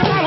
Come on.